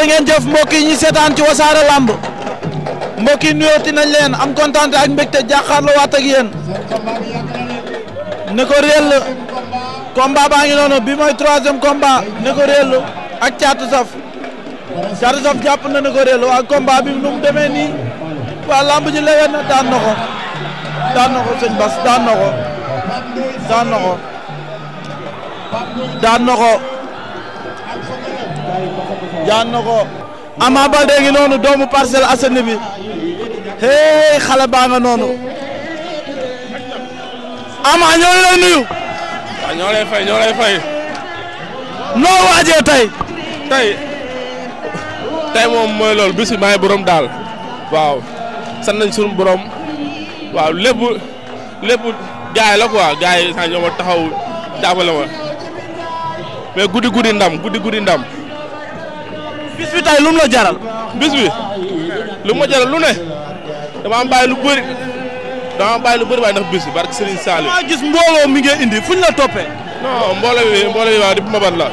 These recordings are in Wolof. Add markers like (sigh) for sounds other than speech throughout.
jërë ngeen jëf mbokk yi ñu seetaan ci wasaare lamb mbokk yi nuyooti nañ leen am kontaan ak mbégte jàkkaarloo waat ak yéen ne ko réel ngi noonu bi mooy troisième combat ne ko ak caatu saf caatu saf jàpp na ne ko waa combat bi nu mu demee nii waa lamb ji lewen daan na daan na ko sëñ daan na jaan na ko. Ama Baldé ngi noonu doomu Parcelles Assainies bi xale baa noonu. Ama ñoo ngi nuyu. waaw ah, ñoo fay ñoo fay. noo waajee tey. tey moom mooy lool bis bi maay borom daal. waaw sant nañ suñu borom. waaw lépp lépp gaay la quoi gaay yi taxaw jàppale ma mais guddi guddi ndam guddi guddi ndam. bis bi tay lu la jaral. bis bi lu ma jaral lu ne damaa bàyyi lu bëri damaa bàyyi lu bëri waaye ndax bis bi barke Serigne Saliou. gis mbooloo mi ngay indi fuñ la toppee. non mbooloo bi mbooloo bi waaw di mbabat la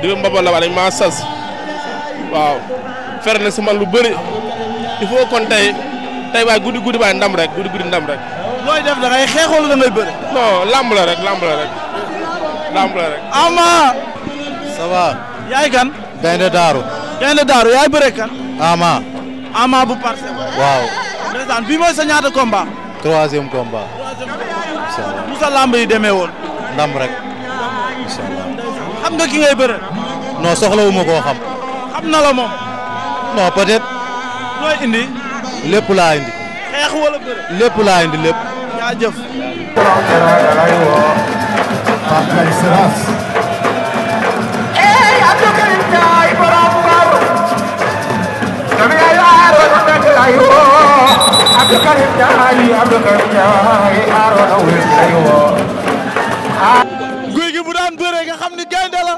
di mbabat la waaye dañ sas waaw fer na si man lu bëri il faut kon tey tey waaye guddi guddi waaye ndam rek guddi guddi ndam rek. looy def da ngay xeex ngay bëri. non lamb la rek lamb la rek lamb gaynde daaru gaynde daaru yaay bëre kan ama ama bu parcelle waaw bii mooy sa ñaata combat troisième combat nu sa lamb yi demee woon ndam rek incha allah xam nga ki ngay bëre non soxlawuma koo xam xam na la moom non peut-être indi lépp laa indi xeex wala indi lépp ayoo guy gi bu daan bëree nga xam ni gaynde la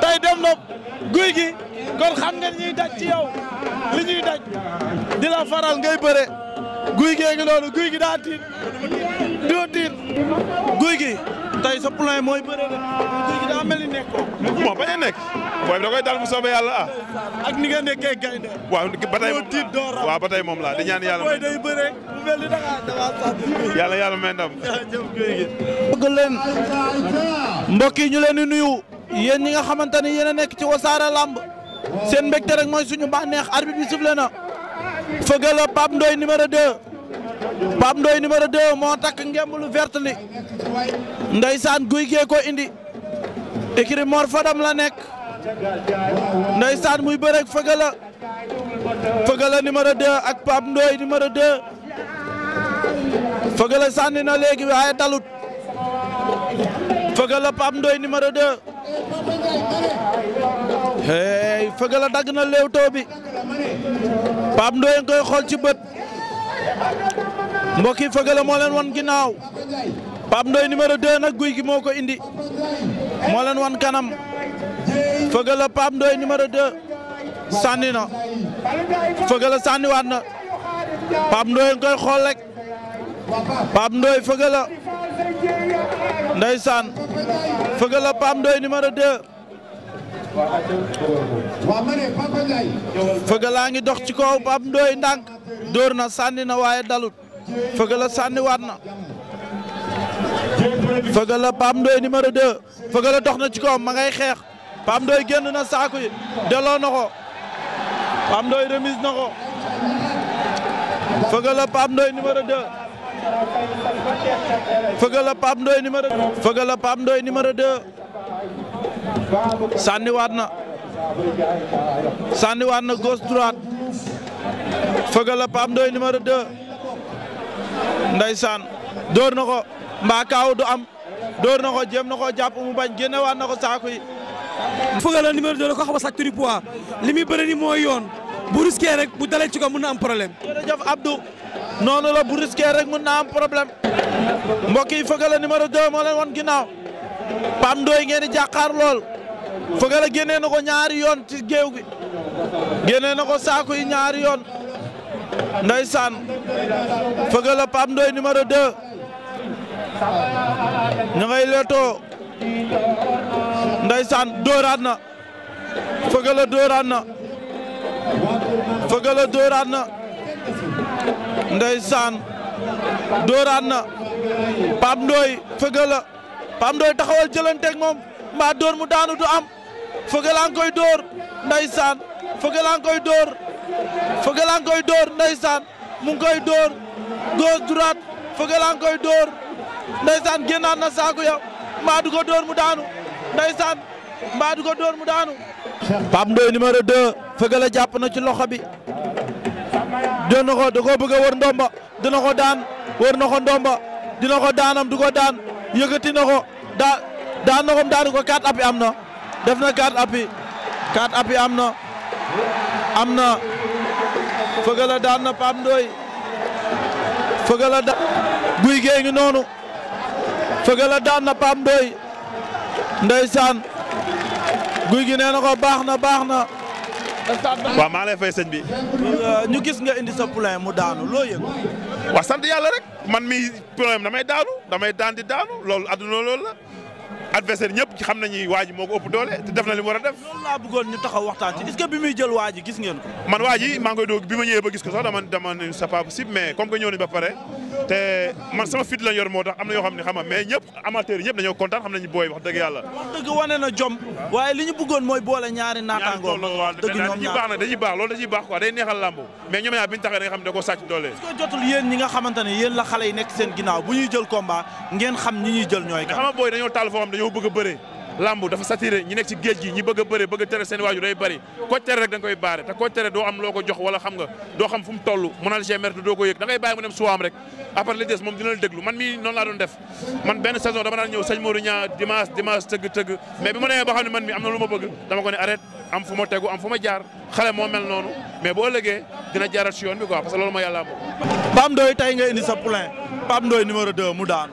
tey dem na guy gi kon xam nga ñuy daj ci yow li ñuy daj di la faral ngay bëre guy gee ngi guy gi daa tiit doo tiit guy gi. tey sa moo mooy bëre de guy gi bañ a nekk booy bi koy dal bu soobee yàlla ah. ak ni nga nekkee gaynde. waaw ba tey moom laa waaw ba moom laa di ñaan yàlla. booy day bëre bu mel yàlla yàlla may ndam. jaajëf guy gi. bëgg leen mbokk yi ñu leen nuyu yéen ñi nga xamante ni yéen a nekk ci wasaare lamb seen mbégte rek mooy suñu bànneex arbitre bi sifflé na fëgal Pape Ndoye numéro 2. Pape Ndoye numéro 2 moo takk ngemb lu vert li ndeysaan guy gee ko indi écurie Mor la nekk ndeysaan muy bëreeg Feugeula Feugeula numéro 2 ak Pape Ndoye numéro 2 Feugeula sànni na léegi waaye dalut Feugeula Pape Ndoye numéro 2 hey Feugeula dagg na léewtoo bi Pape Ndoye koy xool ci bët. mbokk yi Feugeleu moo leen wan ginnaaw Pape Ndoye numéro 2 nag guy gi moo ko indi moo leen wan kanam Feugeleu Pape Ndoye numéro 2 sànni na Feugeleu sànniwaat na Pape koy xool rek Pape Ndoye Feugeleu ndeysaan Feugeleu Pape Ndoye numéro 2 Feugeleu ngi dox ci kaw Pape Ndoye ndànk dóor na waaye dalut Feugeula sànniwaat na Feugeula Pape Ndoye numéro 2 Feugeula dox na ci kawam ma ngay xeex Pape Ndoye génn na saako yi delloo na ko Pape Ndoye remise na ko Feugeula Pape Ndoye numéro 2 Feugeula Pape Ndoye numéro ndeysaan dóor na ko mbaa kaaw du am dóor na ko jéem na ko jàpp mu bañ génnewaat na ko saako yi. fëgal la numéro 2 da ko xaw a sàcc li muy bëri ni mooy yoon bu risqué rek bu dalee ci ko mën na am problème. jërëjëf Abdou noonu la bu rek mën na am yi fëgal la numéro 2 moo leen wan ginnaaw Pam Ndoye ngeen di lool fëgal la génnee na ko ñaari yoon ci géew gi génnee na ko saako yi ñaari yoon. ndeysaan fëgga la Pape Ndoye numéro 2 ñu ngay leetoo ndeysaan dóoraat na fëgga la dóoraat na fëgga la dóoraat na ndeysaan dóoraat na Pape Ndoye fëgga la Pape Ndoye taxawal jëlanteeg moom mbaa dóor mu daanu du am fëgga laa ngi koy dóor ndeysaan fëgga laa Feugeula nga koy dóor ndeysaan mu koy dóor gauche droite Feugeula nga dóor ndeysaan génnaat na saako yow mbaa du ko dóor mu daanu ndeysaan mbaa du ko dóor mu daanu. Pape Ndoye numéro 2 Feugeula jàpp na ci loxo bi. jël na ko da koo bëgg wër ndomba dina ko daan wër na ko ndomba dina ko daanam du ko daan yëkkati na ko daa daan na ko daanu ko am na def na quatre appuis quatre appuis am na am na. Feugeula daan na Pape Ndoye Feugeula daan Gouye Gui ngi noonu Feugeula daan na Pape Ndoye ndeysaan Gouye Gui nee na ko baax na baax na. waa maa lay fay sëñ bi. ñu gis nga indi sa poulain mu daanu loo yëg. waaw sant yàlla rek man mi problème damay daanu damay daan di daanu loolu adduna loolu la. adversaire ñëpp xam nañu waa moo ko ëpp doole te def na li a def. loolu laa bëggoon ñu taxaw waxtaan ci est-ce bi muy jël waa gis ngeen man waa ji maa ngi bi ma ñëwee ba gis ko sax dama dama ne mais comme que ba pare te man sama fit lañ yor am na yoo xam ne xam nga mais ñëpp amateurs ñëpp dañoo kontaan xam nañu booy wax dëgg mooy boole ñaari naataangoo. dëgg ñoom baax nag dañuy baax quoi day neexal làmb mais ñoom ñaar bi ñu taxee dañoo bëgg a bëre lamb dafa saturé ñi nekk ci géej gi ñi bëgg bëre bëgg a tere seen waaju day bëri ko tere rek da koy baare te ko tere doo am loo ko jox wala xam nga doo xam fu mu toll mën al gmr doo ko yëg da ngay bàyyi mu dem suwaam rek après li des moom dina la déglu man mii noon laa doon def man benn saison dama daan ñëw sëñ Modou Niang dimanche dimanche tëgg tëgg mais bi ma demee ba xam ne man mii am na lu ma bëgg dama ko ne arrête am fu ma tegu am fu ma jaar xale moo mel noonu mais boo legee dina jaarat si yoon bi quoi parce que loolu ma yàlla am Pape Ndoye tey nga indi sa poulain Pape Ndoye numéro 2 mu daan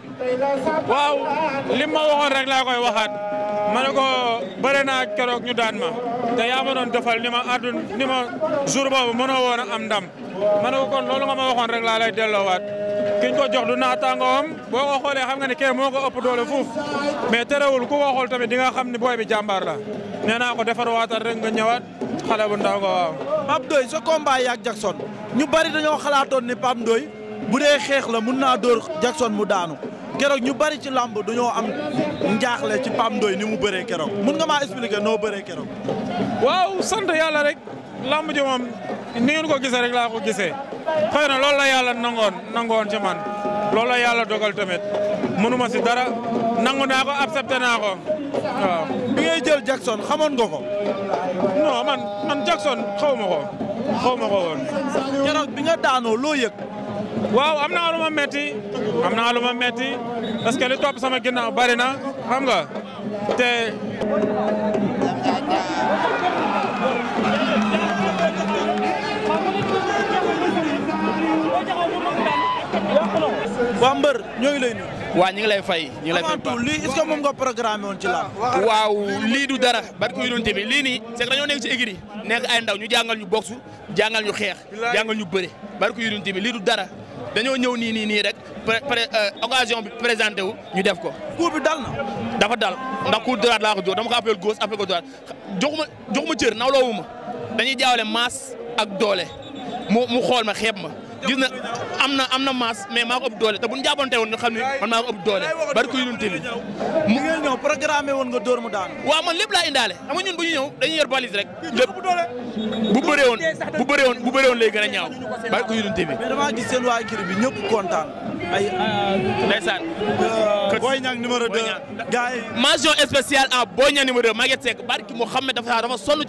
waaw li ma waxoon rek laa koy waxaat ma ne ko bëre naa keroog ñu daan ma te yaa ma doon defal ni ma àddun ni ma jour boobu mënoo woon a am ndam ma ne ko kon loolu nga ma waxoon rek laa lay delloowaat kiñ ko jox du naataangoom boo ko xoolee xam nga ne kee moo ko ëpp doole fuuf mais terewul ku ko xool tamit di nga xam ne booy bi jàmbaar la nee naa ko defar waatal rek nga ñëwaat xale bu ndaw nga waaw. Pape Ndoye sa combat yi ak Jackson ñu bari dañoo xalaatoon ni Pape Ndoye bu dee xeex la mun naa dóor Jackson mu daanu keroog ñu bari ci làmb dañoo am njaaxle ci pam Ndoye ni mu bëree keroog mun nga maa expliquer noo bëree keroog. ni ngeen ko gisee rek laa ko gisee xëy yàlla nangoon nangoon ci man loolu la yàlla dogal tamit mënuma si dara nangu naa ko accepté naa ko waaw. bi ngay jël Jackson xamoon nga ko. non man man Jackson xaw ma ko xaw ma ko woon. keroog bi daanoo loo waaw am naa lu ma metti am naa topp sama ginnaaw bari na xam nga te. waa mbër ñoo ngi lay nuyu. waa ñu ngi lay fay ñi ngi lay fay moom nga programmé woon ci waaw lii du dara barki yu doon tamit lii nii c'est que dañoo ci écurie nekk ay ndaw ñu jàngal ñu boxe jàngal ñu xeex jàngal ñu bëre barki yu doon tamit lii du dara dañoo ñëw nii nii nii rek euh, occasion bi présenté wu ñu def ko. coup bi dal dafa dal ndax ku droite laa ko jox dama ko appelé gauche appelé ko droite joxuma joxuma cër nawloowu ma dañuy jaawale masse ak doole mu mu xool ma xeeb ma. gis na am na am na masse mais maa ko ëpp doole te bu ñu jàppante woon nga xam ne man maa ko ëpp doole bari kuy ñun tamit. mu ngeen ñëw programmé woon nga door mu daan. waaw man lépp laa indaale xam nga ñun bu ñu ñëw dañuy yor valise rek. lépp bu bëree woon bu bëree woon bu bëree woon lay gën a ñaaw bari kuy ñun tamit. mais damaa gis seen waa kër bi ñëpp kontaan. ay ndeysaan. Euh, Boy Niang numéro 2. gars yi mention spéciale à Boy Niang numéro 2 Maguette Seck barki Mouhamed dafa sonn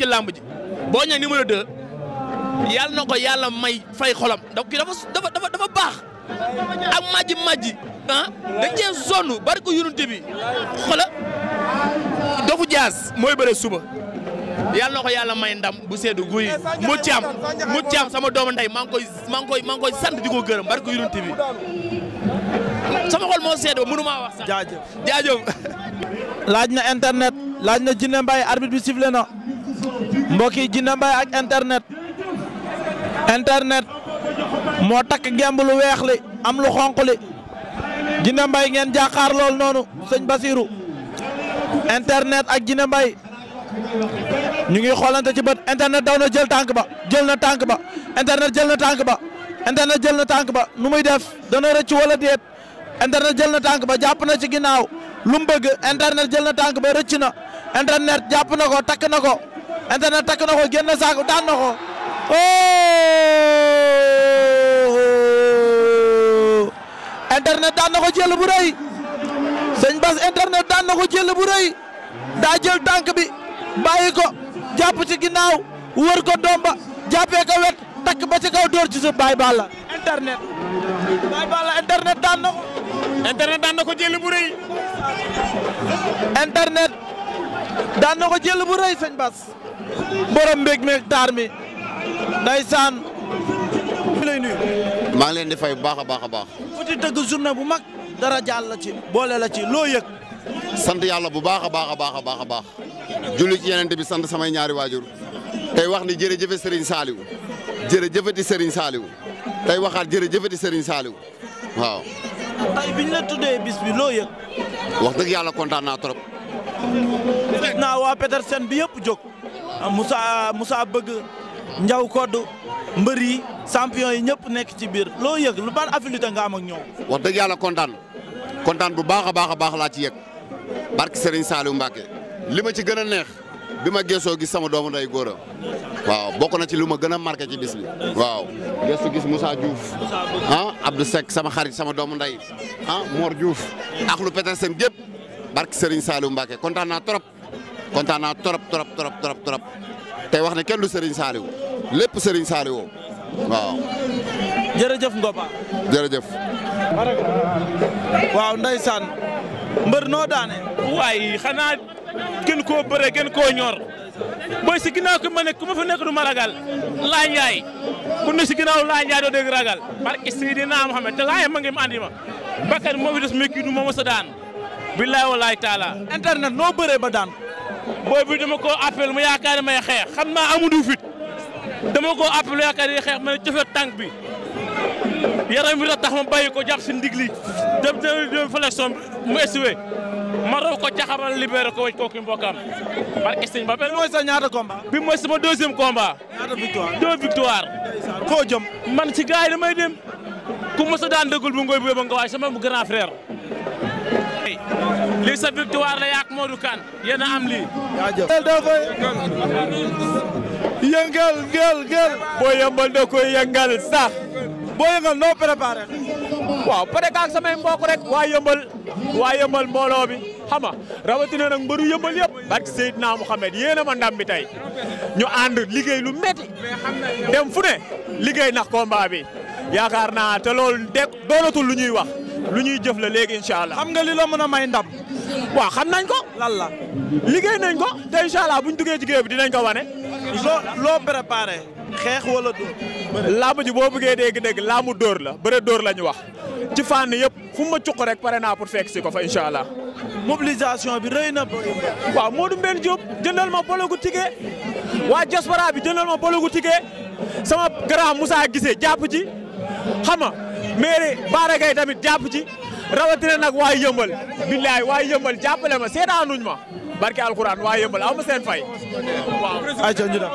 yàlla na ko yàlla may fay xolam donc kii dafa dafa dafa dafa baax ak majji majji ah dañ cee sonn bari ko yunante bi dofu jaas mooy bëre suba yàlla na ko yàlla may ndam bu seddu guy mu caam mu caam sama doomu ndey maa ngi koy ko gërëm bari ko yunante bi sama xol moo sedd ba mënu maa wax sax jaajëf laaj na internet laaj na Djiné Mbaye arbitre bi sifflé na mbokk yi ak internet internet moo takk gemb lu weex li am lu xonq li Djine Mbaye ngeen jàkkaar lool noonu sëñ Basiru internet ak Djine Mbaye ñu ngi xoolante ci bët internet daw na jël tànk ba jël na tànk ba internet jël na tànk ba internet jël na tànk ba nu muy def dana rëcc walla déet internet jël na tànk ba jàpp na ci ginnaaw lu mu bëgg internet jël na tànk ba rëcc na internet jàpp na ko takk na ko internet takk na ko génn saako daan na ko. oh internet daan na ko jël bu rëy sëñ Bass internet daan na ko jël bu rëy daa jël tànk bi bàyyi ko jàpp ci ginnaaw wër ko domba jàppee ko wet takk ba ci kaw dóor ci suuf Baye Balla internet internet daan na ko internet bu rëy internet daan na ko jël bu rëy sëñ Bass borom mbég meeg taar mi ndeysaan mi lay nuyu maa ngi leen di fay bu baax a baax a baax futi tëgg journée bu mag dara jàll la ci boole la ci loo yëg sant yàlla bu baax a baax a baax a baax a baax julli ci yenente bi sant samay ñaari waajur tey wax ni jërëjëfe Serigne Saliou jërëjëfati Serigne Saliou tey waxaat jërëjëfati Serigne Saliou waaw tey biñ la tuddee bis bi loo yëg wax dëgg yàlla kontaan naa trop fekk naa waa Petersen bi yëpp jóg ah, Moussa Moussa bëgg njaw kodd mbër yi champion yi ñëpp nekk ci biir loo yëg lu ban affinité nga am ak ñoom. wax dëgg yàlla kontaan kontaan bu baax a baax a baax laa ci yëg barke Serigne Saliou Mbacke li ma ci gën a neex bi ma geesoo gis sama doomu nday góor waaw bokk na ci lu ma gën a marqué ci bis waaw geesu gis Moussa Diouf ah Abdou Seck sama xarit sama doomu nday ah Mor Diouf ak lu Petersen gépp barke Serigne Saliou Mbacke kontaan naa trop kontaan naa trop trop trop trop trop. tey wax ne kenn du Serigne Saliou lépp sëriñ Saliou waaw. jërëjëf Ngoba. jërëjëf. waaw ndeysaan mbër noo daane. waaye xanaa gën koo bëree gën koo ñor. booy si ginnaaw ki ma nekk ku ma fa nekk du ma ragal laa njaay ku ne si ginnaaw laa njaay doo dégg ragal barke Seydina Muhammad te laa ma ngi mu andi ma bakkan moo fi des mais kii du ma mos a daan billaay walaay taala internet noo bëree ba daan booy bi dama koo appel mu yaakaar ne may xeex xam naa dama koo appel mu yaakaar ne xeex ma ne jëfe tànk bi yaram bi la tax ma bàyyi ko jàpp si ndigli dem dem flexion mu essuwee ma raw ko jaxamal libéré ko wëj kooku mbokkam barke sëñ ba bi mooy sama deuxième combat ñaata victoire victoire foo jëm man ci gars damay dem ku mos a daan dëggul bu ngoy bu ba nga waaye sama grand frère lii sa victoire la yaak Modou Kane yéen a am lii. jaajëf yëngal ngel ngel boo yëmbal da koy yëngal sax boo yëngal noo préparé. waaw pare ak samay mbokk rek waa yëmbal waa yëmbal mbooloo bi xam nga rawatina nag yëpp. barke Seydina Mouhamed yéen a ma ñu ànd liggéey lu metti dem fu ne liggéey nax combat bi yaakaar naa te loolu de doonatul lu ñuy wax. lu ñuy jëf la léegi incha allah. xam nga li la mën a may ndam. waaw xam nañ ko. lan la liggéey nañ ko te incha allah buñ duggee ci géew bi dinañ ko wane. loo loo préparé. xeex wala dóor. làmb ji boo bëggee dégg-dégg làmb dóor la bëre dóor la ñu wax. ci fànn yëpp fu ma cuq rek pare naa pour fekk si ko fa incha allah. mobilisation bi rey na. waaw Modou Mbène Diop jëndal ma bologu ticket. waa diaspora bi jëndal ma bologu ticket. sama grand Moussa Guissé jàpp ci xama mairie Bara Gaye tamit jàpp ci rawatina nag waa yëmbal billaay waa yëmbal jàppale ma seetaanuñ ma barke alxuraan waa yëmbal aw ma seen fay. waaw ayca ñu dem.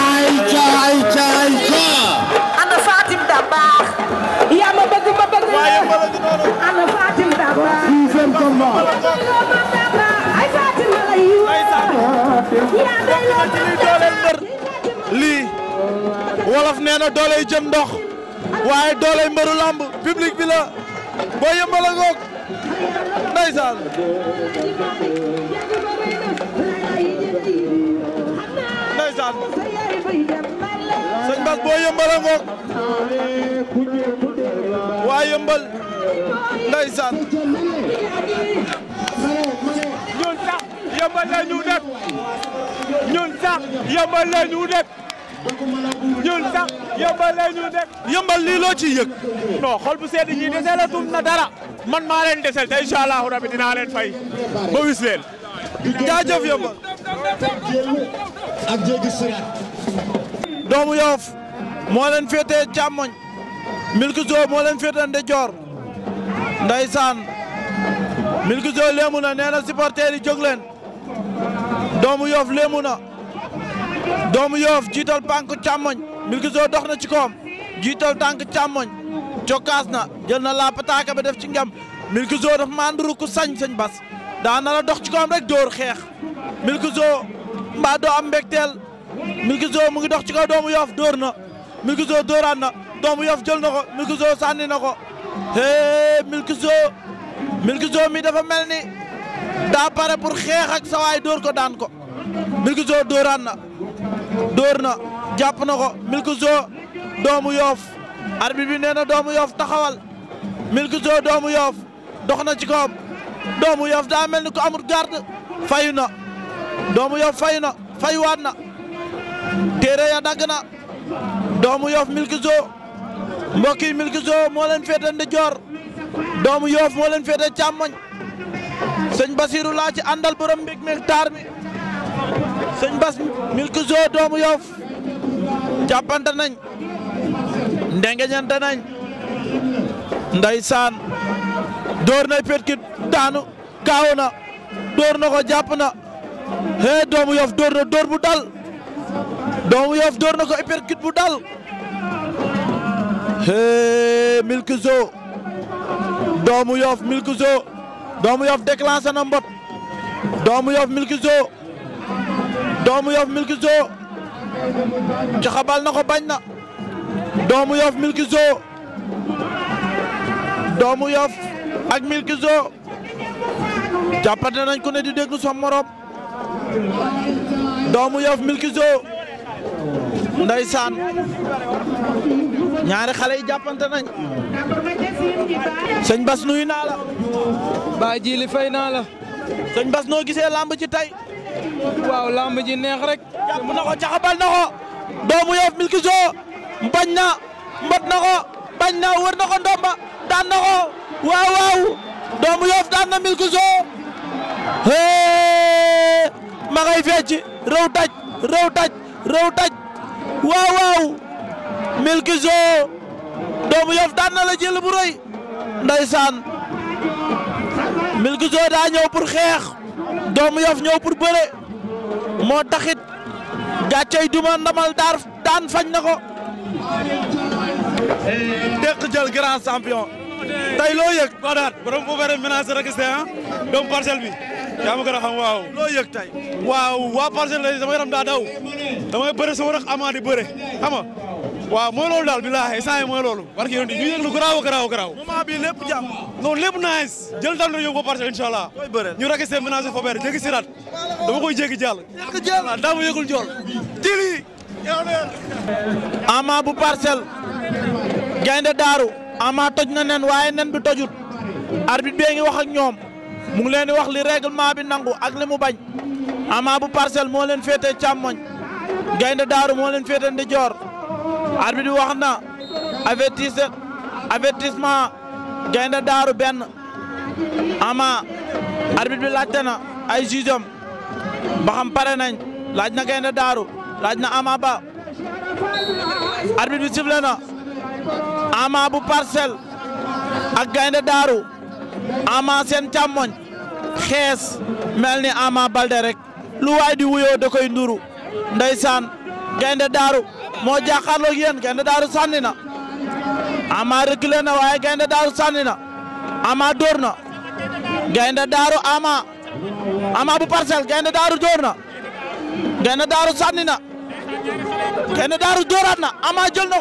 ayca ayca ayca. ana Fatim da baax. yaa ma bëgg ma bëgg. ana Fatim da continue dooleel mbër lii wolof nee na dooley jëm ndox waaye dooley mbëru làmb public bi yëmbal la ñu dëkk ñun sax yëmbal la dëkk yëmbal la ñu dëkk. yëmbal xol bu sedd ñi desee la na dara. man maa leen desel te incha allahu rabi fay ba wis leen. yëmbal. ak jéggi siraat. doomu Yoff moo leen féetee càmmoñ. Milki Zo moo leen féetee ndeyjoor. ndeysaan na nee na supporter doomu yoof léemu na doomu yoof jiital pànk càmmoñ Milkzo dox na ci koom jiital tànk càmmoñ cokkaas na jël na laa pataaka def ci ngam Milkzo dafa manduru ku sañ sëñ bas daa na la dox ci koom rek dóor xeex Milkzo mbaa doo am mbégteel Milkzo mu ngi dox ci kaw doomu yoof dóor na Milkzo dóoraat na doomu yoof jël na ko Milkzo sànni na ko hee Milkzo Milkzo mi dafa mel ni daa pare pour xeex ak sawaay dóor ko daan ko Milkzo dóoraan na dóor na jàpp na ko Milkzo doomu yoof arbitre bi nee na doomu yoof taxawal Milkzo doomu yoof dox na ci kawam doomu yoof daa mel ni ko amul garde fayu na doomu yoof fayu na fayuwaat na téere dagg na doomu yoof Milkzo mbokk yi Milkzo mooleen leen féete ndijoor doomu yoof moo leen féete sëñ Basiru laa ci àndal borom mbég meeg taar mi sëñ Bas Milki Zo doomu Yoff jàppante nañ ndengeñante nañ ndeysaan door na Petkin daanu kaaw na jàpp na hee doomu Yoff door door bu dal doomu Yoff door na ko bu dal hee Milki Zo doomu Yoff Milki Zo doomu yof déclenché na mbot doomu yof Milkzo doomu yof Milkzo joxabal na ko bañ na doomu yof Milkzo doomu yof ak Milkzo jàppante nañ ku ne di déglu sa morom doomu yof Milkzo ndeysaan ñaari xale yi jàppante nañ sëñ Bas nuyu naa la. Baay Jili fay naa la. sëñ Bas noo gisee lamb ji tey. waaw lamb ji neex rek. jàpp na ko jaxabal na doomu Yoff Milki Joo bañ na mbot na ko na wër na ndomba daan na waaw waaw doomu Yoff daan na Milki Joo hee ma ngay rëw daj rëw daj rëw daj waaw waaw Milki Joo doomu Yoff daan na la jël bu rëy ndeysaan Milkzo daa ñëw pour xeex doomu Yoff ñëw pour bëre moo taxit gàccey duma ndamal daar daan fañ na ko dëkk jël grand champion tey loo yëg Godaat borom fo fere ménage registre ah doomu parcelle bi yaa ma gën a xam waaw. waaw waa parcelle la sama yaram daa daw damay bëre sama rax amaa di bëre xam nga waaw mooy loolu daal billaahi saa yi mooy loolu. barke yéen ñu yëg lu garaaw garaaw garaaw. moment bi lépp jàmm. jël daan la yóbbu ba parcelle incha ñu rek seen ménage fa bëre jéggi siraat dama koy jéggi jàll. jéggi jàll waaw daa ma yëgul jool. jëli. ama bu parcelle. gaynde daaru. ama toj na nen waaye nen bi tojut. arbitre bi ngi wax ak ñoom. mu ngi leen di wax li règlement bi nangu ak li mu bañ Ama bu Parcelles moo leen féetee càmmoñ Gaynde Daaru moo leen féetee ndijoor arbitre bi wax na avertise avertissement Gaynde Daaru benn Ama arbitre bi laajte na ay jugeam ba xam pare nañ laaj na Gaynde Daaru laaj na Ama Ba arbitre bi sifflé na Ama bu Parcelles ak Gaynde Daaru ama seen càmmoñ xees mel ni ama balde rek lu waay di wuyoo da koy nduru ndeysaan gaynde daaru moo jàkkaarloog yéen gaynde daaru sànni na ama reculé na waaye gaynde daaru sànni na ama dóor gaynde daaru ama ama bu parcelle gaynde daaru dóor gaynde daaru sànni gaynde daaru dóoraat na ama jël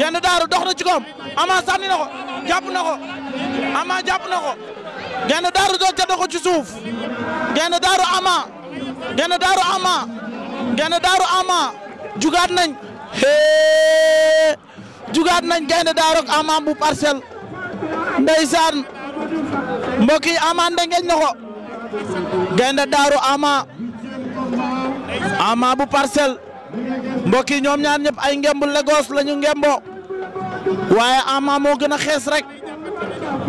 gaynde daaru dox ci koom ama sànni na ko jàpp na ko ama jàpp na ko genn daaru docca na ko ci suuf genn daaru ama genn daaru ama jugaat nañ hee jugaat nañ genn daaru ama bu parcelle ndeysaan mbokk yi ama ndengeñ na ko genn daaru ama ama bu parcelle mbokk yi ñoom ñaar ñëpp ay ngemb Lagos lañu ngembo waaye ama moo gën a xees rek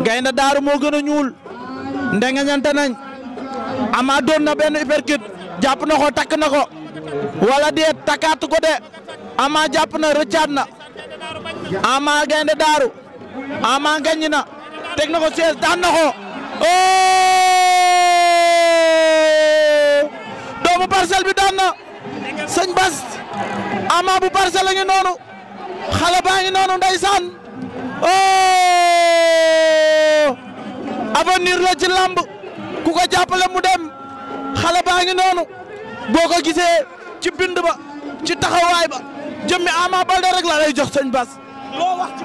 gaynde daaru moo gën a ñuul ndengeñante nañ ama doon na benn uppercut jàpp na ko takk na ko wala deet takkaat ko de ama jàpp na ama gaynde daaru ama gañ na teg na ko sees daan na ko oh! doomu parcelle bi daan na Bas ama bu parcelle a noonu xale baa ngi noonu ndeysaan oh avenir la ci lamb ku ko jàppale mu dem xale baa ngi noonu boo ko gisee ci bind ba ci taxawaay ba jëmmi Ama Baldé rek la lay jox señ Bas. loo wax ci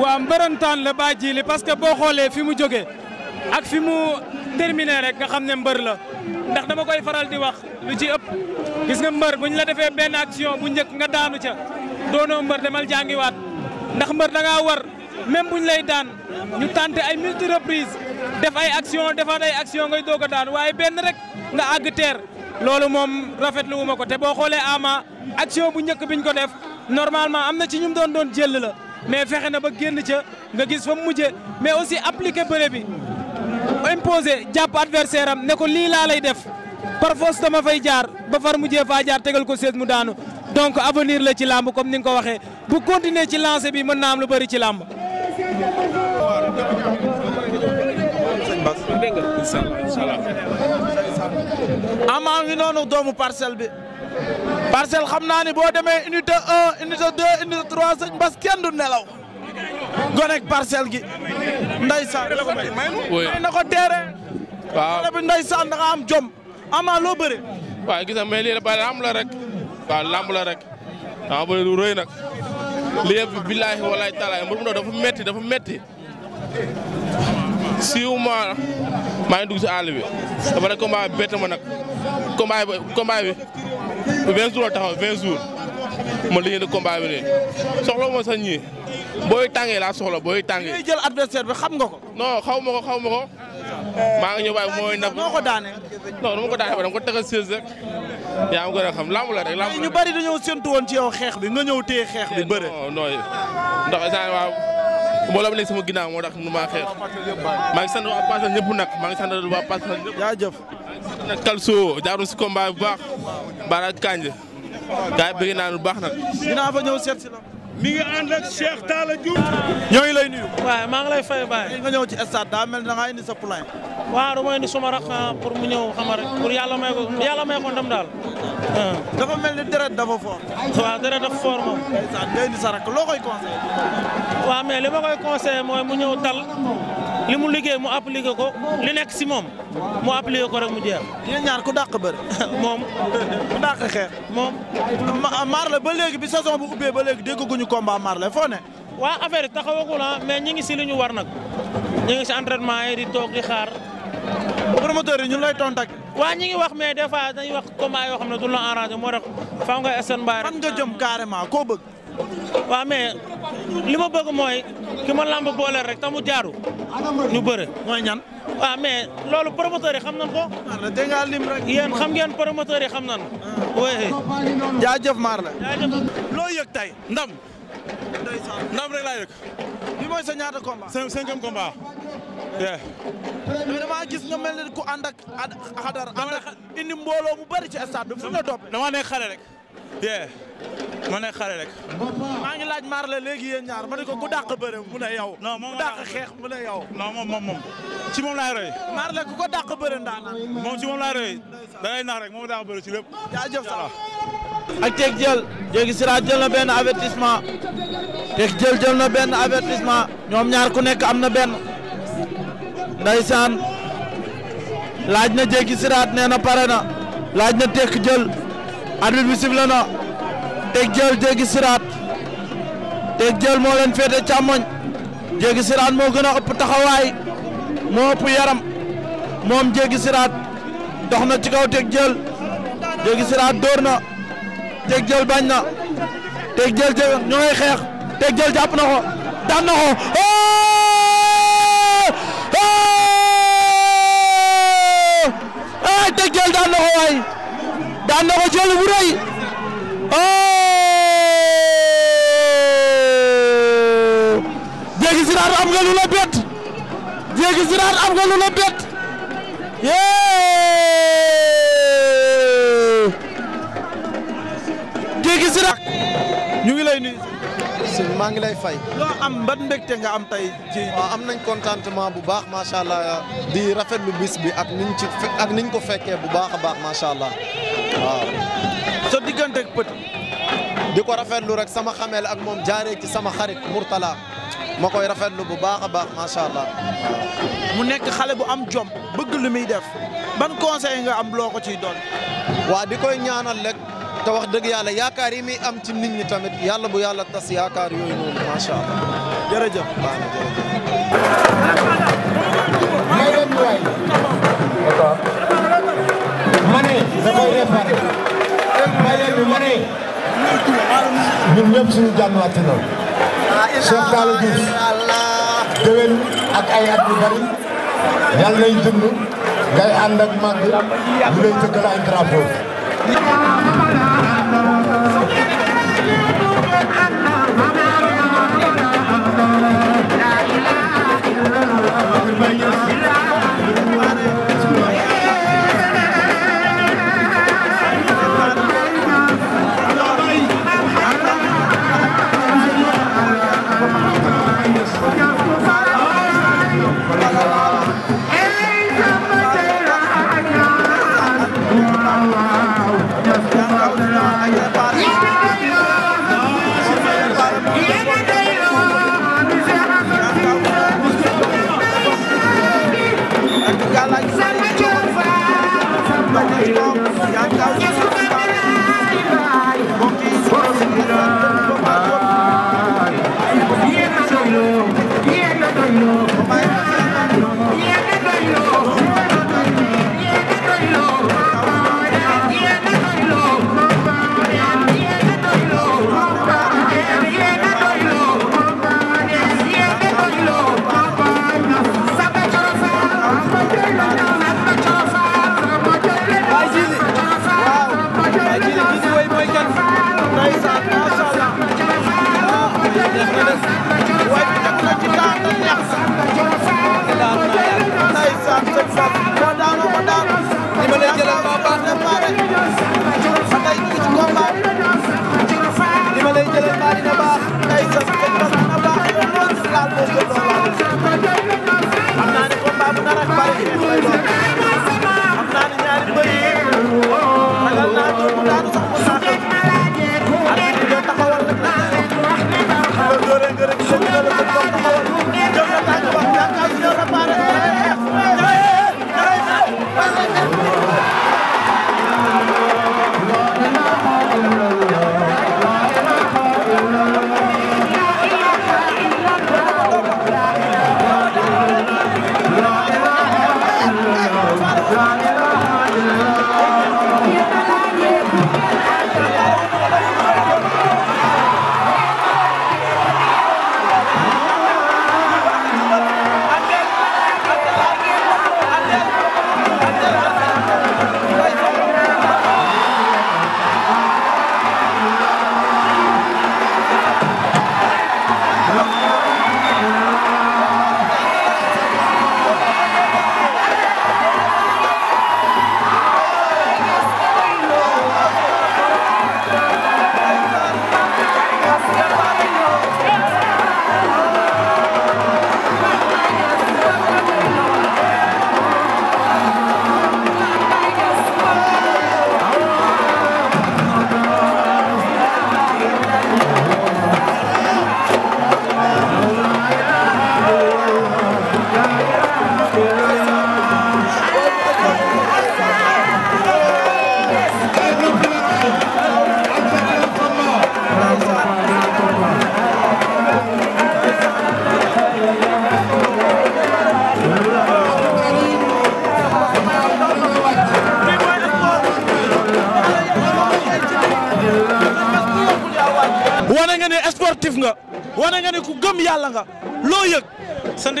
waa mbërantaan la baa jiili parce que boo xoolee fi mu jógee ak fi mu terminé rek nga xam ne mbër la ndax dama koy faral di wax lu ci ëpp gis nga mbër bu ñu la defee benn action bu njëkk nga daanu ca doonoo mbër demal jàngiwaat. ndax mbër da ngaa war même ñu lay daan ñu tenter ay multi reprise def ay action defaat ay action ngay doog a daan waaye benn rek nga àgg teer loolu moom rafetlu wu ma ko te boo xoolee ama action bu njëkk biñ ko def normalement am na ci ñu doon doon jël la mais fexe na ba génn ca nga gis fa mu mujje mais aussi appliqué bëre bi imposé jàpp adversaire am ne ko lii laa lay def par force dama fay jaar ba far mujjee faa jaar tegal ko sees mu daanu donc avenir la ci làmb comme ni nga ko waxee bu continuer ci lancé bi mën naa am lu bëri ci làmb. amaa ngi noonu doomu parcelle bi parcelle xam naa ni boo demee unité 1 unité 2 unité 3 sëñ Bas kenn nelaw gonek parcelle gi ndeysaan may na am jom amaa loo bëre waaw gis nga la bari am la rek waaw làmb la rek waaw ba lu rëy nag li yëpp billaahi walaay taalaay mbër mu ndaw dafa metti dafa metti siiw ma maa ngi dugg si àll bi dafa ne combat bi bett ma nag combat bi combat bi 20 jours la taxaw 20 jours ma liggéey na combat bi nii soxla wu ma sax ñii booy tàngee laa soxla booy tàngee. jël adversaire bi xam nga ko. non xaw ma ko xaw maa ngi ñëw waaye mooy ndam noo ko daane non nu ma ko daane ba dama ko tëgal sées rek yaa ma gën a xam lamb la rek lamb la ñu bari dañoo séntu woon ci yow xeex bi nga ñëw téye xeex bi eh, bëre non ndax instant waaw mbooloo bi nekk sama ginnaaw moo tax nu maa xeex maa ngi sant waa Parcelles ñëpp nag maa ngi sant waa Parcelles ñëpp jaajëf nag Kalso jaaru si combat bu baax Bara Kandji gaa yi bëgg naa lu baax nag dinaa fa ñëw seet mi ngi ànd ak Cheikh Talla Diouf. ñoo ngi lay maa ngi lay fay baay. nga ñëw ci stade daa mel da ngaa indi sa plan. waaw dama indi suma rakk ah, pour mu ñëw xama rek pour yàlla may ko yàlla may ko ah. mel ni deret dafa fort. waaw deret dafa fort moom. nga indi sa rakk loo koy conseillé. waaw mais li koy conseillé mooy mu ñëw dal. li mu liggéey mu appliqué ko li nekk si moom mu appliqué ko rek mu jeex. yéen ñaar ku dàq bër (laughs) moom ku dàq xeex. moom Marley ba léegi bi saison bu ubbee ba léegi déggaguñu combat Marley foo ne. waa affaire yi taxawagul ah mais ñi ngi si li ñu war nag ñi ngi si entraînement yi di toog di xaar. promoteur yi ñu lay tontak. waa ñi ngi wax mais des fois dañuy wax combat yoo xam ne du la arrangé moo tax. faaw nga stand by rek. fan nga jëm carrément koo bëgg. waaw mais li ma bëgg mooy ki ma làmb booleel rek tamu jaaru ñu bëre mooy ñan waaw mais loolu promoteurs yi xam nañ ko dégg nga lim rek yéen xam ngeen promoteurs yi xam nañ ah. oui jaajëf maar la jaajëf loo yëg tey ndam ndam rek laa yëg bi mooy sa ñaata combat cinquième combat yeah. mais damaa gis nga mel ni ku ànd ak xadar mbooloo mu bari ci stade bi fu ñu la topp damaa nekk xale rek yee ma ne rek. maa ngi laaj maar la léegi yéen ñaar ma ko ku dàq bëre mu ne yow. non moom ku dàq xeex mu ne yow. non moom moom moom ci moom laay roy. maar la ku ko dàq bëre ndaan moom ci moom laay roy da lay nax rek moom dàq bëre ci lépp. jaajëf sa ak Tek Jël Jéegi Sira na benn avertissement Tek Jël jël na benn avertissement ñoom ñaar ku nekk am na benn ndeysaan laaj na Jéegi Sira nee na pare na laaj na Tek Jël. arbitre bi sifle na Tek Dieul Jéggi Siraat Tek Dieul moo leen féete Siraat moo ëpp taxawaay moo ëpp yaram moom Jéggi Siraat dox na ci kaw Tek Dieul Siraat dóor na Tek Dieul bañ na Tek xeex Tek Dieul jàpp na ko daan na ko oh! Oh! waay daan na ko jël bu rëy oh! jéegi siraat am nga lu la bett jéegi siraat am nga lu la bett yee jéegi siraat ñu ngi lay ni sëñ maa ngi lay fay. loo am ban mbégte am tey ci. am nañ contentement bu baax macha allah di rafetlu bis bi ak niñ ci ak niñ ko fekkee bu baax a baax macha allah. sa diggante ak di ko rafetlu rek sama xamel ak moom jaaree ci sama xarit Mourtala ma koy rafetlu bu baax a baax macha allah. mu nekk xale bu am jom bëgg lu muy def ban conseil nga am loo ko ciy doon. waa di koy ñaanal rek te wax dëgg yàlla yaakaar yi muy am ci nit ñi tamit yàlla bu yàlla tas yaakaar yooyu noonu macha allah. jërëjëf baax na jërëjëf. ma ne da koy réparé bayal bi ma ne ñun ñëpp suñu jàmm wàcc na Cheikh Talla Diouf déwén ak ay at yu bari yàlla lay dund ngay ànd ak màgg ñu lay tëggal ay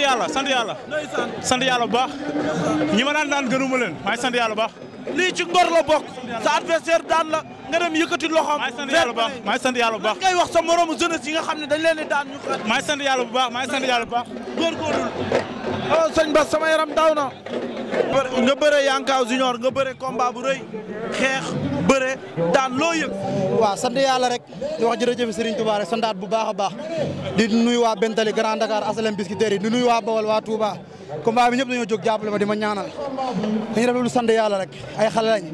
yàlla sant yàlla. sant yàlla bu baax. ñi ma daan daan gënuma leen maa ngi sant yàlla bu baax. lii ci ngor la bokk. sa adversaire daan la nga dem yëkkati loxoom. maa maa bu baax. ngay wax sa moromu jeunesse yi nga xam ne dañ leen di daan ñu xat. maa ngi sant bu baax maa ngi sant yàlla bu baax. góorgóorlu. oh sëñ Ba sama yaram daw na. nga bëre Yankaw Junior nga bëre combat bu rëy xeex bëre daan loo yëg. waaw sant yàlla rek di wax jërëjëf Serigne Touba rek santaat bu baax a baax di nuyu waa Bentali Grand Dakar asalem biscuiterie di nuyu waa Bawol waa Touba combat bi ñëpp dañoo jóg jàppale ma di ma ñaanal dañuy def lu sant yàlla rek ay xale lañ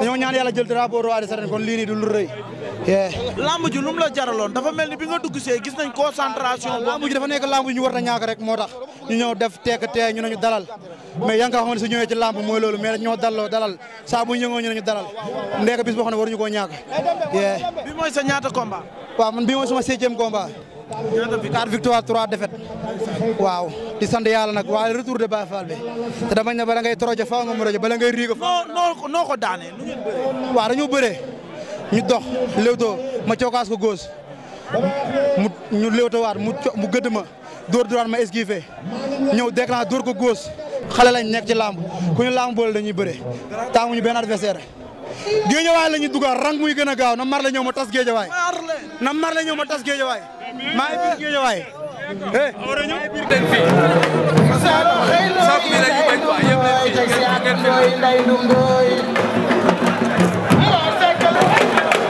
dañoo ñaan yàlla jël drapeau roi des kon lii du lu rëy. lamb ji lu la jaraloon dafa mel ni bi nga dugg see gis nañ concentration. waaw lamb dafa nekk lamb ñu war a ñàkk rek moo tax ñu ñëw def tekk tee ñu ne ñu dalal mais yaa ngi ko xam ne ci lamb mooy loolu ñoo daloo dalal saa bu ñu yëngoo ñu ne ñu koo ñàkk. bi mooy sa ñaata combat. waaw man quatre victoire trois défaites waaw di sant yàlla nag waaye retour de Baye Fall bi te damañ ne bala ngay torojo faaw nga mu rojo bala ngay riigo faaw noo noo ko daane nu ngeen bëree waaw dañu bëree ñu dox léwtoo ma cookaas ko góos mu ñu léwtowaat mu mu gëdd ma dóor duraat ma esquivé ñëw déclenché dóor ko góos xale lañ nekk ci làmb ku ñu làmb boole dañuy bëree ñu benn adversaire géejawaay la ñu dugal rang muy gën a gaaw na mar la ñëw ma tas géejawaay na mar la ñëw ma tas géejawaay maa ngi biir géejawaay eh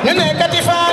ñu nekkati fa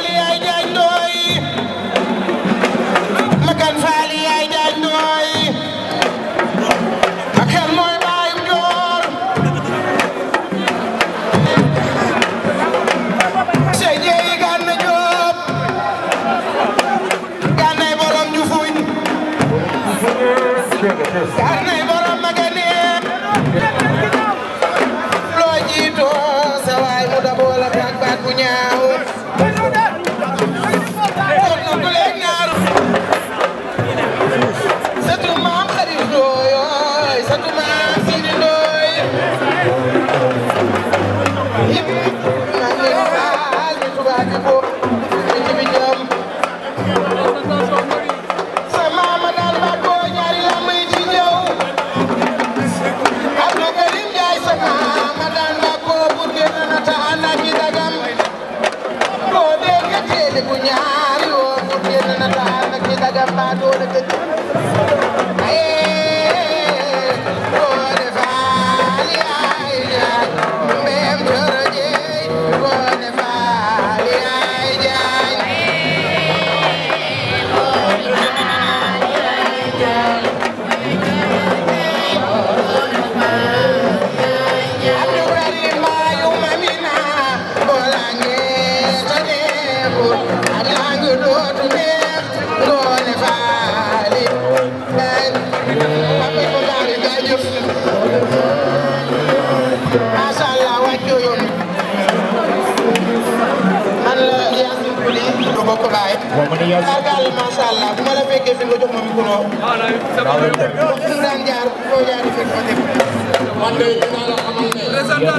barkaal macha allah bu ma la fekkee fi nga jox ma micro. waaw lay sama yow. wax dëgg daan jaar foo jaar fekk ma teg. man de dinaa la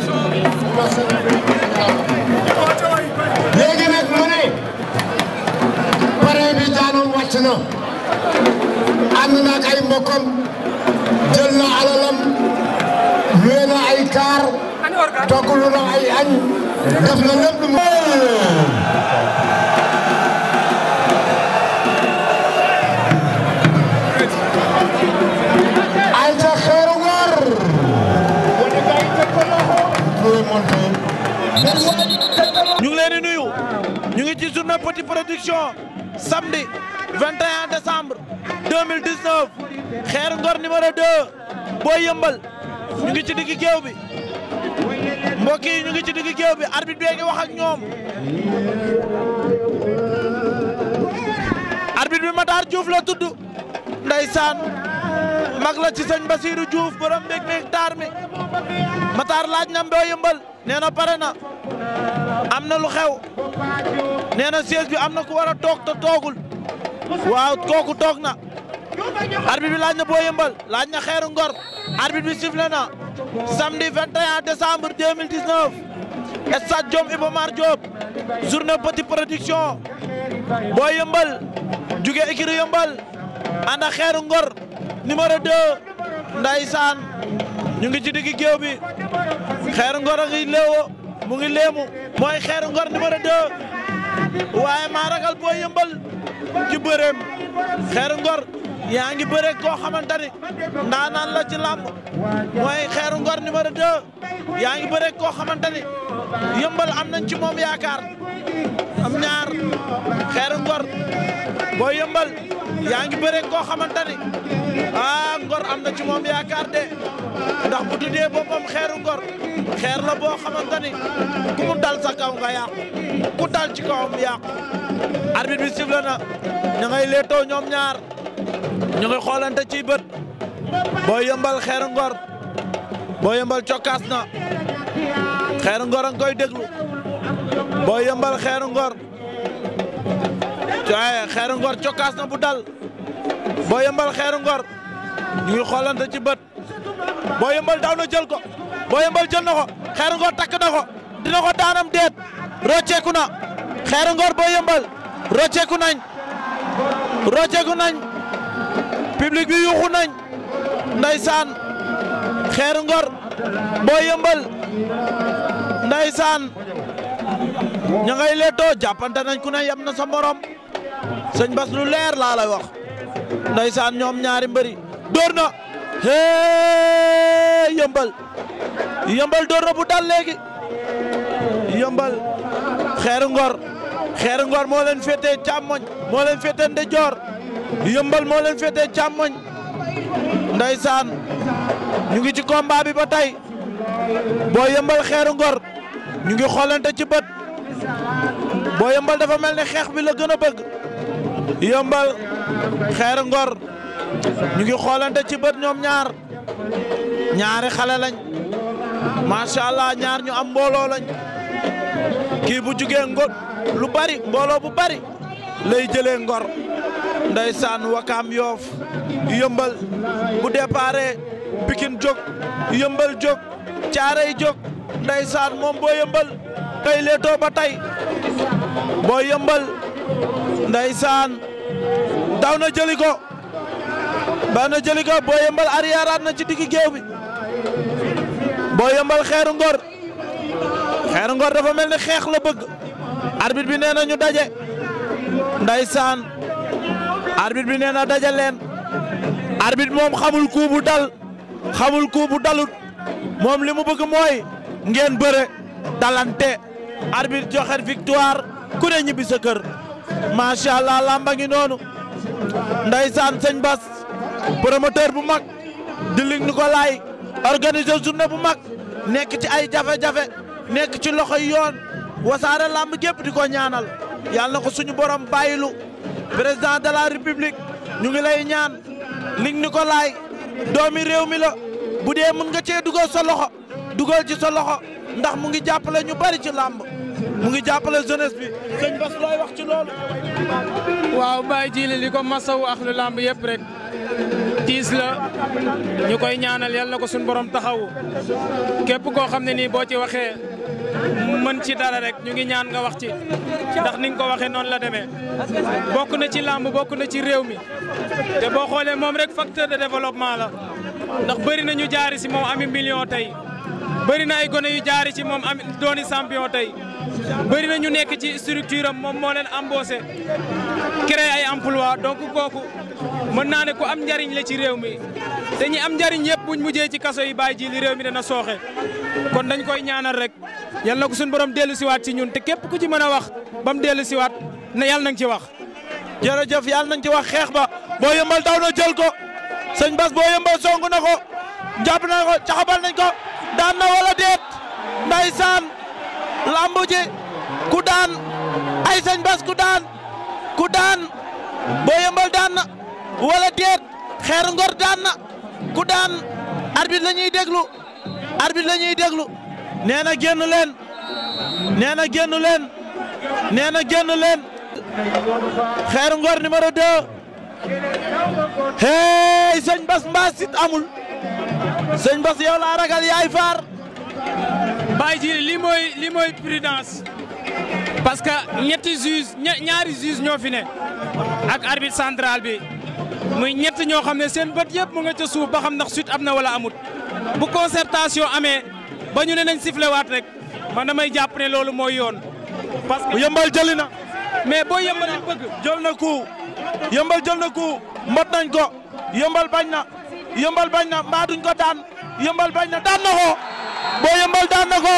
xamal ne. présentation. léegi nag mu ne. pare bi jaanam wàcc na. ànd na ak ay mbokkam. jël na alalam. luwe na ay kaar. toggulu na ay añ. def na lépp. ñu ngi nuyu ñu ngi ci journée Petit Production samedi 21 décembre 2019 Xeeru Ngor numéro 2 Boy ñu ngi ci digg géew bi mbokk yi ñu ngi ci digg géew bi arbitre bi ngi wax ñoom arbitre bi Matar Diouf la tudd ndeysaan mag la ci sëñ Basirou Diouf borom mbég mi taar mi Matar laaj na Mbéy Yëmbal nee na pare na am na lu xew nee na siège bi am na ku war a toog te toogul waaw kooku toog na arbitre bi laaj na Boy Yëmbal laaj na Xeeru Ngor arbitre bi sifflé na samedi 21 décembre 2019 stade Diom Iba Mar Diop journée Petit Production Boy Yëmbal jugee écurie Yëmbal ànd Xeeru Ngor numéro 2 ndaysaan ñu ngi ci digg géew bi xeeru ngor ngi léewo mu ngi léemu mooy xeeru ngor numéro waaye maa ragal boo yëmbal ci bëreem xeeru ngor yaa ngi bëre koo xamante ni ndaanaan la ci làmb mooy xeeru ngor numéro yaa ngi bëre koo xamante ni am nañ ci moom yaakaar am ñaar xeeru booy yëmbal yaa ngi bëre koo xamante ni ah, ngor am na ci moom yaakaar de ndax bu tuddee boppam xeeru ngor xeer la boo xamante ku mu dal sa kaw nga yàqu ku dal ci kawam yàqu arbitre bi sifflé na ñu leetoo ñoom ñaar ñu ngi xoolante ci bët booy yëmbal xeeru ngor booy yëmbal cokkaas na xeeru ngor a ngi koy déglu booy yëmbal xeeru ngor waaye xeeru ngor na bu dal boo yëmbal xeeru ngor ñu ci bët boo yëmbal daaw na jël ko boo yëmbal jël na ko xeeru ngor takk na ko dina ko daanam deet rocceeku na xeeru ngor boo yëmbal rocceeku nañ rocceeku nañ public bi yuuxu nañ ndeysaan xeeru ngor boo yëmbal ndeysaan ña ngay leetoo nañ ku ne yem na sa morom sëñ Bas lu leer laa lay wax ndeysaan ñoom ñaari mbëri dóor na yëmbal yëmbal dóor na bu dal léegi yëmbal xeeru ngor xeeru ngor moo leen féetee càmmoñ moo leen féetee ndeyjoor yëmbal moo leen féete càmmoñ ndeysaan ñu ngi ci combat bi ba tey boo yëmbal xeeru ngor ñu ngi xoolante ci bët boo yëmbal dafa mel ne xeex bi la gën a bëgg yëmbal xeer ngor ñu ngi xoolante ci bët ñoom ñaar ñaari xale lañ macha allah ñaar ñu am mbooloo lañ kii bu jugee ngor lu bari mbooloo bu bari lay jële ngor ndeysaan wakaam yoof yëmbal bu déparé pikin jóg yëmbal jóg caarey jóg ndeysaan moom boo yëmbal tey leetoo ba tey boo yëmbal ndeysaan daw na jëli ko daw na jëli ko Boy Yeumbeul arrière na ci digg géew bi Boy Yeumbeul Xeeru Ngor dafa mel ni xeex la bëgg arbitre bi nee na ñu daje saan arbitre bi nee na daje leen arbitre moom xamul coup bu dal xamul coup bu dalut moom li mu bëgg mooy ngeen bëre dalante arbitre joxe victoire ku ne ñibbi sa kër macha allah lamba ngi noonu ndeysaan sëñ Bas promoteur bu mag di lig ni ko laay organiser journée bu mag nekk ci ay jafe-jafe nekk ci loxoy yoon wasaare làmb gépp di ko ñaanal yàlla na ko suñu borom bàyyilu président de la république ñu ngi lay ñaan lig ni ko laay doomi réew mi la bu dee mun nga cee dugal sa loxo dugal ci sa loxo ndax mu ngi jàppale ñu bari ci làmb mu ngi jàppale jeunesse bi sëñ Bass looy wax ci loolu. waaw Baye Djily li ko masawu ak lu làmb yëpp rek tiis la ñu koy ñaanal yal na ko suñu borom taxawu képp koo xam ne nii boo ci waxee mën ci dara rek ñu ngi ñaan nga wax ci ndax ni nga ko waxee noonu la demee bokk na ci làmb bokk na ci réew mi te boo xoolee moom rek facteur de développement la ndax bëri na ñu jaari si moom ami million tey bari na ay gone yu jaari ci moom am dooni champion tey. bëri na ñu nekk ci structure am moom moo leen embauché créé ay emploi donc kooku mën naa ne ku am njariñ la ci réew mi te ñi am njariñ yëpp buñ mujjee ci kaso yi bàyyi ji réew mi dana sooxe kon dañ koy ñaanal rek yal na ko suñu borom dellu siwaat ci ñun te képp ku ci mën a wax ba mu dellu siwaat ne yal nañ ci wax jërëjëf yal nañ ci wax xeex ba boo yëmbal daw na jël ko sëñ Bas boo yëmbal song na ko jàpp na ko caxabal nañ ko daan na wala déet lamb ku daan ay sañ bas ku daan ku daan boo yëmbal daan na wala déet xeer ngor daan na ku daan arbitre la ñuy déglu arbitre la ñuy déglu nee na génn leen neena na génn leen nee na leen xeer ngor numéro 2 hey sëñ bas mbaa amul sëñ bas yow laa ragal yaay faar Baye ji lii mooy lii mooy prudence parce que ñetti juge ñaari juge ñoo fi ne ak arbitre central bi muy ñett ñoo xam ne seen bët yëpp mu nga ca suuf ba xam na suite am na wala amut bu concertation amee ba ñu ne nañ sifflé waat rek man damay jàpp ne loolu mooy yoon. parce que yëmbal jëli na. mais boo yëmbal lañ bëgg. na ku yëmbal jël na ku mot nañ ko yëmbal bañ na yëmbal bañ na mbaa ko daan yëmbal bañ na daan na ko. Boy Yeumbeul daan na ko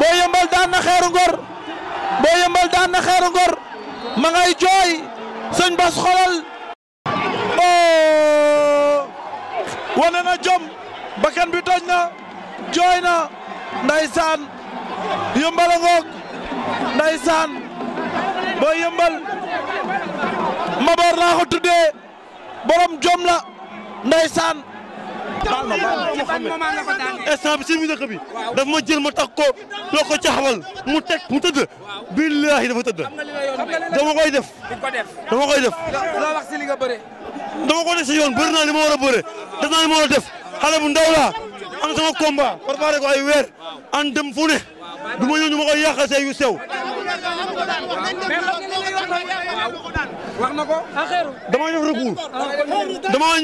Boy Yeumbeul daan na Xeeru Ngor Boy daan na Xeeru ma ngay jooy sëñ Bas xolal oh wane na jom bakkan bi toj na jooy na ndaysaan Yeumbeul a ngoog ndaysaan Boy Yeumbeul mabar laa ko tuddee borom jom la ndaysaan baal ma baal si mu dëkk bi daf ma jël ma takk ko doo ko caxawal mu teg mu tëdd billaahi dafa tëdd dama koy def dama koy def loo wax li nga bëre dama ko def si yoon bëri naa li ma war a def naa li ma a def xale bu ndaw laa am sama combat préparé ko ay weer an dem fu ne du ma ñëw ñu ma yu sew wax na ko damaa def recours damaa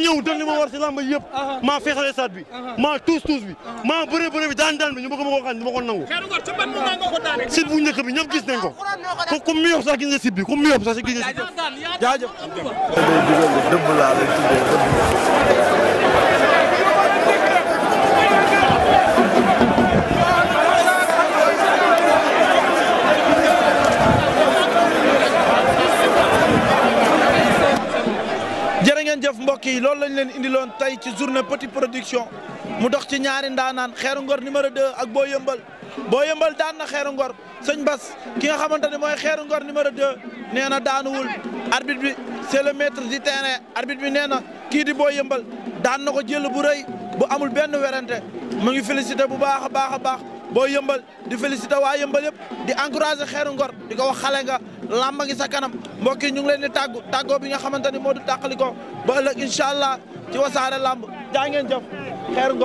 ma war si làmb yëpp maa feesal stade bi maa tuus tuus bi maa bëree daan daan bi ñu bëgg ma ko xañ ma ko nangu sit bu njëkk bi ñëpp gis nañ ko ko comme mi yob gis nga sit bi comme mi yob sax gis nga sit ngeen jëf mbokk yi loolu lañ leen indiloon tey ci journée Petit Production mu dox ci ñaari ndaanaan Xeeru Ngor numéro 2 ak boo Yeumbeul boo Yeumbeul daan na Xeeru Ngor sëñ Bas ki nga xamante ne mooy Xeeru Ngor numéro 2 nee na daanuwul arbitre bi c'est le maître du terrain arbitre bi nee na kii di Boy Yeumbeul daan na ko jël bu rey bu amul benn werante mu ngi félicité bu baax a baax a baax. boo yëmbal di félicité waa yëmbal yëpp di encouragé xeeru ngor di ko wax xale nga làmba ngi sa kanam mbokk yi ñu leen di tàggu tàggoo bi nga xamante ni moo du tàqali ko ba ëllëg incha allah ci wasaare lamb jaa ngeen jëf